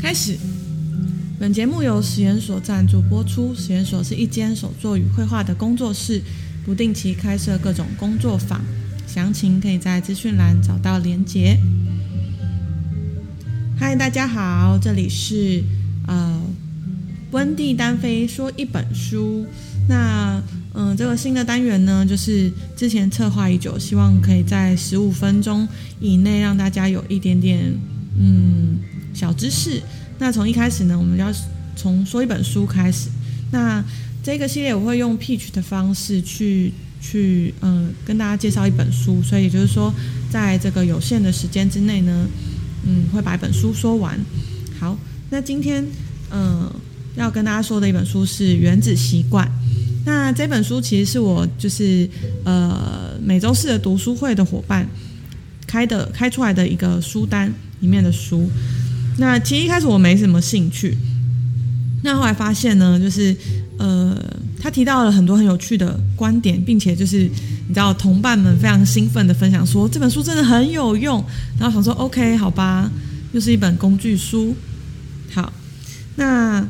開始，本節目由拾研所贊助播出。拾研所是一間手作與繪畫的工作室，不定期開設各種工作坊，詳情可以在資訊欄找到連結。嗨，大家好，這裡是啊溫蒂單飛說一本書。那嗯、呃，這個新的單元呢，就是之前策劃已久，希望可以在十五分鐘以內讓大家有一點點嗯。小知識。那從一開始呢，我們要從說一本書開始。那這個系列我會用 Pitch 的方式去去嗯、呃、跟大家介紹一本書，所以也就是說，在這個有限的時間之內呢，嗯，會把一本書說完。好，那今天嗯、呃、要跟大家說的一本書是《原子習慣》。那這本書其實是我就是呃每周四的讀書會的夥伴開的開出來的一個書單裡面的書。那其實一開始我沒什麼興趣，那後來發現呢，就是，呃，他提到了很多很有趣的觀點，並且就是，你知道，同伴們非常興奮的分享說這本書真的很有用，然後想說 OK 好吧，又是一本工具書。好，那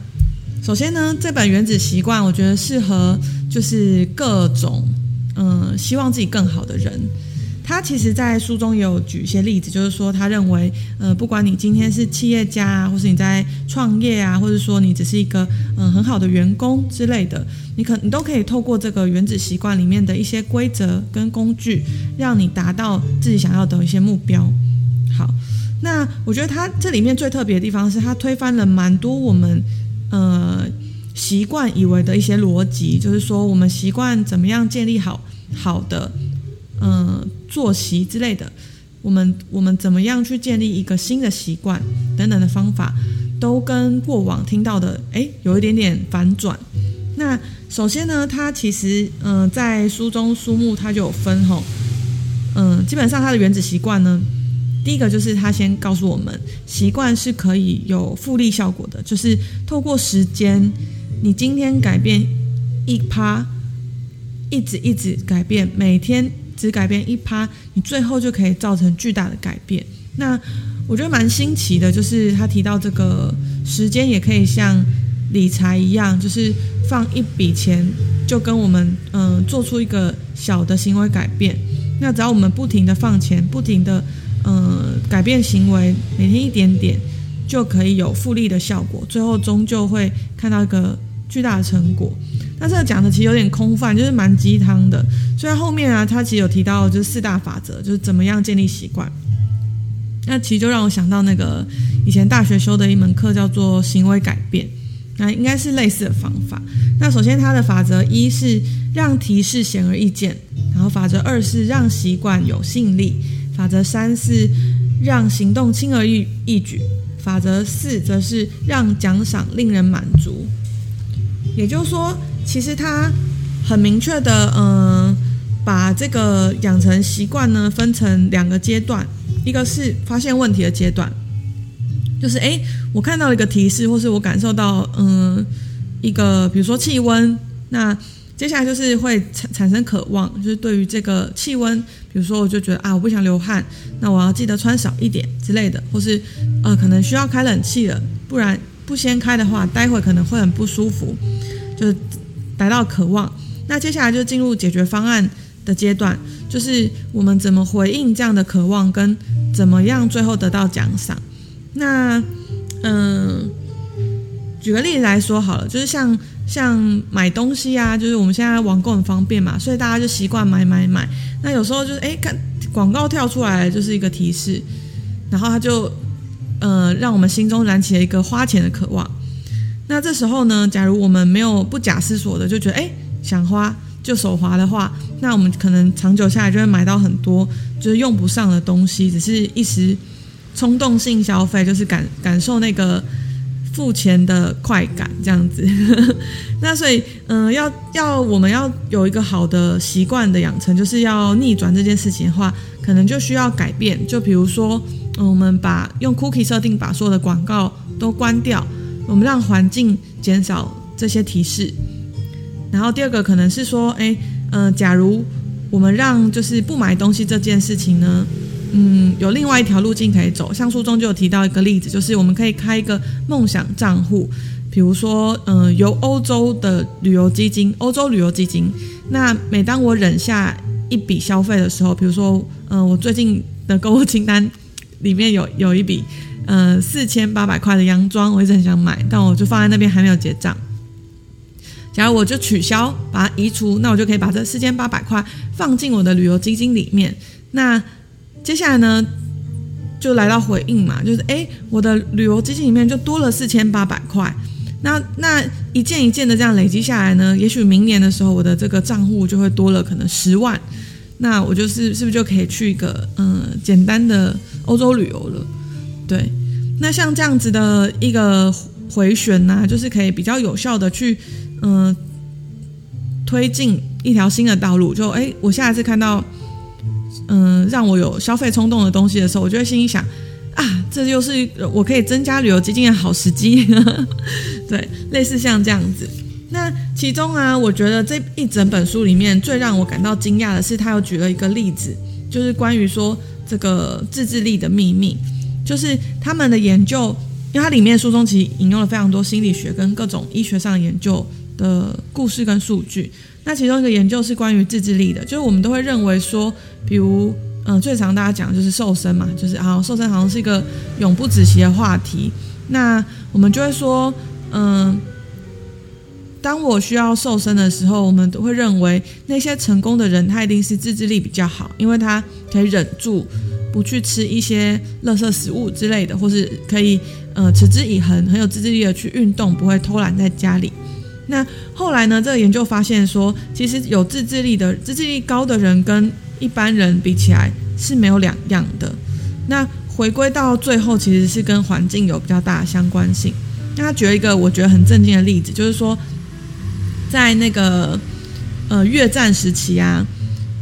首先呢，這本《原子習慣》我覺得適合就是各種嗯、呃、希望自己更好的人。他其實，在書中有舉一些例子，就是說，他認為，呃，不管你今天是企業家啊，或是你在創業啊，或者說你只是一個嗯、呃、很好的員工之類的，你可你都可以透過這個原子習慣裡面的一些規則跟工具，讓你達到自己想要的一些目標。好，那我覺得他這裡面最特別的地方是他推翻了蠻多我們呃習慣以為的一些邏輯，就是說，我們習慣怎麼樣建立好好的嗯。呃作息之類的，我們我們怎麼樣去建立一個新的習慣等等的方法，都跟過往聽到的誒、欸、有一點點反轉。那首先呢，它其實嗯在書中書目它就有分吼，嗯基本上它的原子習慣呢，第一個就是它先告訴我們習慣是可以有複利效果的，就是透過時間，你今天改變一趴，一直一直改變，每天。只改變一趴，你最後就可以造成巨大的改變。那我覺得蠻新奇的，就是他提到這個時間也可以像理財一樣，就是放一筆錢，就跟我們嗯、呃、做出一個小的行為改變。那只要我們不停的放錢，不停的嗯、呃、改變行為，每天一點點，就可以有複利的效果。最後終究會看到一個。巨大的成果，那這個講的其實有點空泛，就是蠻雞湯的。雖然後面啊，他其實有提到就是四大法則，就是怎麼樣建立習慣。那其實就讓我想到那個以前大學修的一門課叫做行為改變，那應該是類似的方法。那首先它的法則一是讓提示顯而易見，然後法則二是讓習慣有吸引力，法則三是讓行動輕而易一舉，法則四則是讓獎賞令人滿足。也就是說，其實他很明確的，嗯、呃，把這個養成習慣呢，分成兩個階段，一個是發現問題的階段，就是哎、欸，我看到一個提示，或是我感受到，嗯、呃，一個比如說氣溫，那接下來就是會產產生渴望，就是對於這個氣溫，比如說我就覺得啊，我不想流汗，那我要記得穿少一點之類的，或是呃，可能需要開冷氣了，不然。不掀開的話，待會可能會很不舒服。就是達到渴望，那接下來就進入解決方案的階段，就是我們怎麼回應這樣的渴望，跟怎麼樣最後得到獎賞。那，嗯、呃，舉個例子來說好了，就是像像買東西啊，就是我們現在網購很方便嘛，所以大家就習慣買買買。那有時候就是哎，看廣告跳出來就是一個提示，然後他就。呃，讓我們心中燃起了一個花錢的渴望。那這時候呢，假如我們沒有不假思索的就覺得，哎、欸，想花就手滑的話，那我們可能長久下來就會買到很多就是用不上的東西，只是一時衝動性消費，就是感感受那個付錢的快感這樣子。 那所以，嗯、呃，要要我們要有一個好的習慣的養成，就是要逆轉這件事情的話，可能就需要改變，就比如說。嗯，我們把用 cookie 設定，把所有的廣告都關掉，我們讓環境減少這些提示。然後第二個可能是說，誒，嗯、呃，假如我們讓就是不買東西這件事情呢，嗯，有另外一條路徑可以走。像書中就有提到一個例子，就是我們可以開一個夢想賬戶，比如說，嗯、呃，由歐洲的旅遊基金，歐洲旅遊基金。那每當我忍下一筆消費的時候，比如說，嗯、呃，我最近的購物清單。裡面有有一筆，呃，四千八百塊的洋裝，我一直很想買，但我就放在那邊還沒有結賬。假如我就取消，把它移除，那我就可以把這四千八百塊放進我的旅遊基金裡面。那接下來呢，就來到回應嘛，就是誒、欸，我的旅遊基金裡面就多了四千八百塊。那那一件一件的這樣累積下來呢，也許明年的時候，我的這個賬戶就會多了可能十萬。那我就是是不是就可以去一個嗯、呃、簡單的歐洲旅遊了，對。那像這樣子的一個回旋吶、啊，就是可以比較有效的去嗯、呃、推進一條新的道路。就哎、欸，我下次看到嗯、呃、讓我有消費衝動的東西的時候，我就會心裡想啊，這就是我可以增加旅遊基金的好時機。 對，類似像這樣子。那其中啊，我覺得這一整本書裡面最讓我感到驚訝的是，他又舉了一個例子，就是關於說這個自制力的秘密，就是他們的研究，因為它裡面書中其實引用了非常多心理學跟各種醫學上的研究的故事跟數據。那其中一個研究是關於自制力的，就是我們都會認為說，比如嗯、呃，最常大家講就是瘦身嘛，就是啊，瘦身好像是一個永不止息的話題，那我們就會說嗯。呃當我需要瘦身的時候，我們都會認為那些成功的人他一定是自制力比較好，因為他可以忍住不去吃一些垃圾食物之類的，或是可以呃持之以恆、很有自制力的去運動，不會偷懶在家裡。那後來呢，這個研究發現說，其實有自制力的、自制力高的人跟一般人比起來是沒有兩樣的。那回歸到最後，其實是跟環境有比較大的相關性。那他舉了一個我覺得很震驚的例子，就是說。在那個，呃，越戰時期啊，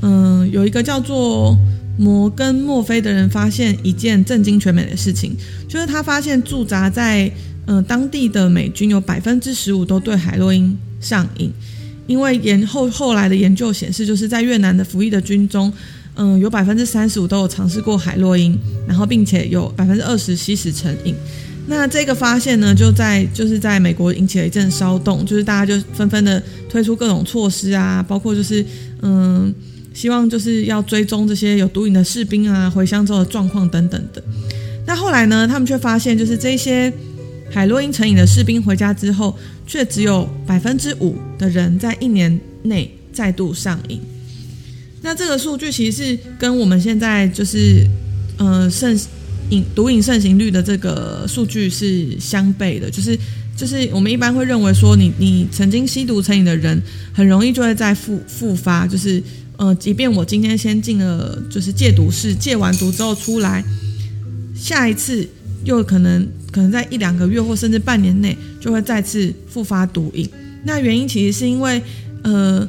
嗯、呃，有一個叫做摩根·墨菲的人發現一件震驚全美的事情，就是他發現駐紮在嗯、呃、當地的美軍有百分之十五都對海洛因上癮，因為研後後來的研究顯示，就是在越南的服役的軍中，嗯、呃，有百分之三十五都有嘗試過海洛因，然後並且有百分之二十吸食成癮。那這個發現呢，就在就是在美國引起了一陣騷動，就是大家就紛紛的推出各種措施啊，包括就是嗯，希望就是要追蹤這些有毒癮的士兵啊，回鄉之後的狀況等等的，那後來呢，他們卻發現，就是這些海洛因成癮的士兵回家之後，卻只有百分之五的人在一年內再度上癮。那這個數據其實是跟我們現在就是嗯、呃、甚。毒癮盛行率的這個數據是相悖的，就是就是我們一般會認為說你，你你曾經吸毒成癮的人，很容易就會再復複發，就是呃，即便我今天先進了就是戒毒室，戒完毒之後出來，下一次又可能可能在一兩個月或甚至半年內就會再次復發毒癮。那原因其實是因為呃，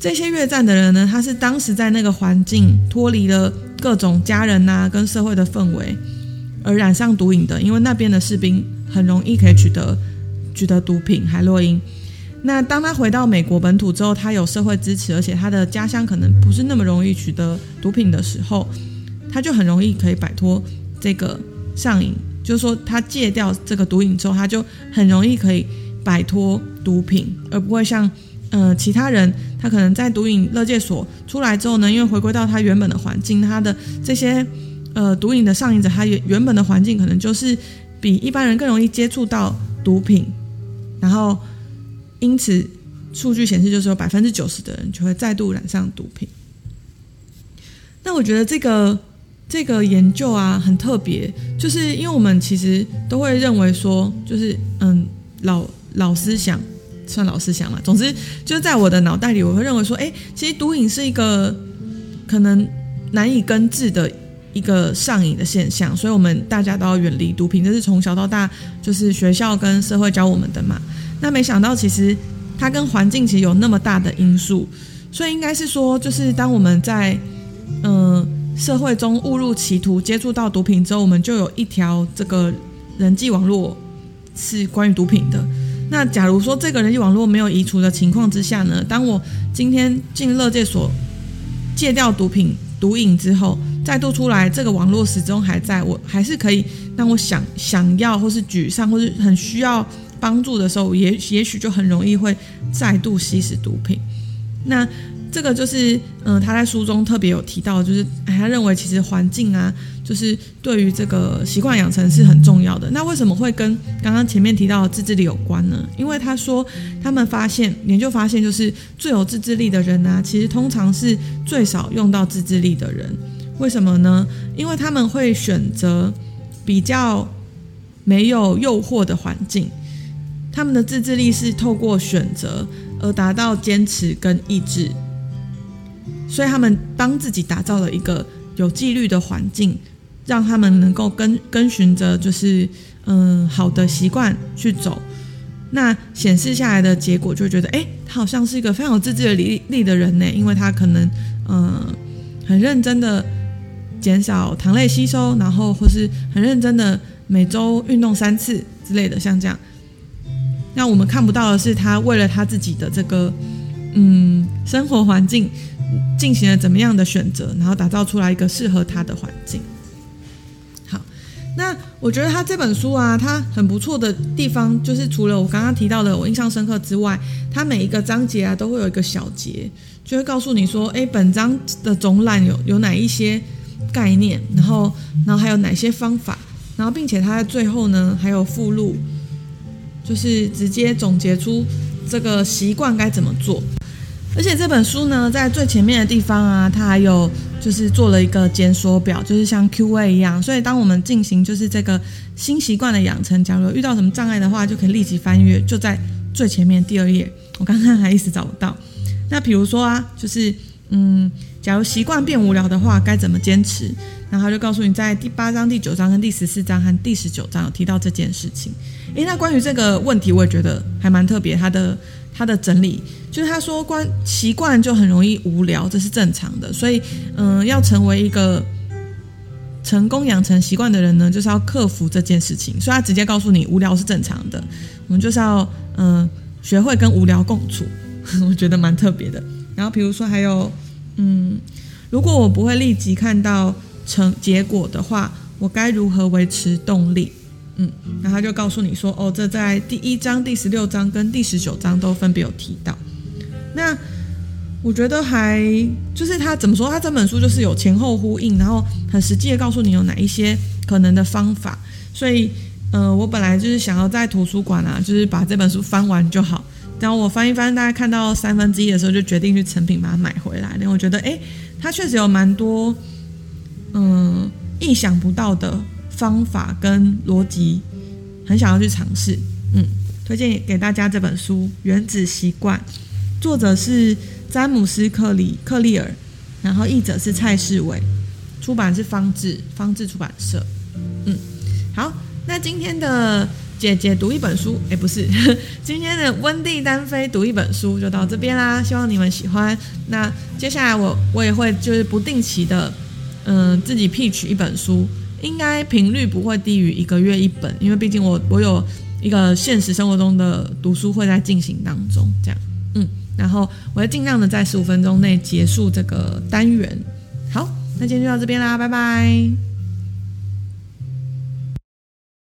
這些越戰的人呢，他是當時在那個環境脫離了。各種家人吶、啊，跟社會的氛圍，而染上毒癮的。因為那邊的士兵很容易可以取得取得毒品海洛因。那當他回到美國本土之後，他有社會支持，而且他的家鄉可能不是那麼容易取得毒品的時候，他就很容易可以擺脫這個上癮。就是說，他戒掉這個毒癮之後，他就很容易可以擺脫毒品，而不會像。呃，其他人他可能在毒癮勒戒所出來之後呢，因為回歸到他原本的環境，他的這些呃毒癮的上癮者，他原原本的環境可能就是比一般人更容易接觸到毒品，然後因此數據顯示，就是有百分之九十的人就會再度染上毒品。那我覺得這個這個研究啊很特別，就是因為我們其實都會認為說，就是嗯老老思想。算老思想了。總之，就是在我的腦袋裡，我會認為說，哎，其實毒癮是一個可能難以根治的一個上癮的現象，所以我們大家都要遠離毒品。這是從小到大就是學校跟社會教我們的嘛。那沒想到，其實它跟環境其實有那麼大的因素。所以應該是說，就是當我們在嗯、呃、社會中誤入歧途，接觸到毒品之後，我們就有一條這個人際網絡是關於毒品的。那假如說這個人際網絡沒有移除的情況之下呢？當我今天進勒戒所戒掉毒品毒癮之後，再度出來，這個網絡始終還在，我還是可以讓我想想要或是沮喪或是很需要幫助的時候，也也許就很容易會再度吸食毒品。那。這個就是，嗯、呃，他在書中特別有提到，就是他認為其實環境啊，就是對於這個習慣養成是很重要的。那為什麼會跟剛剛前面提到的自制力有關呢？因為他說他們發現研究發現，就是最有自制力的人呢、啊，其實通常是最少用到自制力的人。為什麼呢？因為他們會選擇比較沒有誘惑的環境，他們的自制力是透過選擇而達到堅持跟意志。所以他們幫自己打造了一個有紀律的環境，讓他們能夠跟跟循着就是嗯、呃、好的習慣去走。那顯示下來的結果就會覺得，哎，他好像是一個非常有自制力力的人呢，因為他可能嗯、呃、很認真的減少糖類吸收，然後或是很認真的每周運動三次之類的，像這樣。那我們看不到的是，他為了他自己的這個嗯生活環境。進行了怎麼樣的選擇，然後打造出來一個適合他的環境。好，那我覺得他這本書啊，它很不錯的地方就是除了我剛剛提到的我印象深刻之外，它每一個章節啊都會有一個小節，就會告訴你說，哎，本章的總覽有有哪一些概念，然後然後還有哪些方法，然後並且他在最後呢還有附錄，就是直接總結出這個習慣該怎麼做。而且這本書呢，在最前面的地方啊，它還有就是做了一個檢索表，就是像 Q&A 一樣。所以當我們進行就是這個新習慣的養成，假如遇到什麼障礙的話，就可以立即翻閱，就在最前面第二頁。我剛剛還一直找不到。那比如說啊，就是嗯，假如習慣變無聊的話，該怎麼堅持？然後就告訴你，在第八章、第九章、跟第十四章和第十九章有提到這件事情。誒、欸，那關於這個問題，我也覺得。還蠻特別，他的他的整理，就是他說慣習慣就很容易無聊，這是正常的，所以嗯、呃，要成為一個成功養成習慣的人呢，就是要克服這件事情。所以他直接告訴你，無聊是正常的，我們就是要嗯、呃，學會跟無聊共處，我覺得蠻特別的。然後比如說還有嗯，如果我不會立即看到成結果的話，我該如何維持動力？嗯，然後他就告訴你說，哦，這在第一章、第十六章跟第十九章都分別有提到。那我覺得還就是他怎麼說？他這本書就是有前後呼應，然後很實際的告訴你有哪一些可能的方法。所以，呃，我本來就是想要在圖書館啊，就是把這本書翻完就好。然後我翻一翻，大概看到三分之一的時候，就決定去誠品把它買回來，那我覺得，哎，它確實有蠻多，嗯，意想不到的。方法跟邏輯，很想要去嘗試。嗯，推薦給大家這本書《原子習慣》，作者是詹姆斯克里克利爾，然後譯者是蔡世偉，出版是方志方志出版社。嗯，好，那今天的姐姐讀一本書，哎，不是今天的溫蒂單飛讀一本書，就到這邊啦。希望你們喜歡。那接下來我我也會就是不定期的，嗯、呃，自己 pitch 一本書。應該頻率不會低於一個月一本，因為畢竟我我有一個現實生活中的讀書會在進行當中，這樣，嗯，然後我會盡量的在十五分鐘內結束這個單元。好，那今天就到這邊啦，拜拜。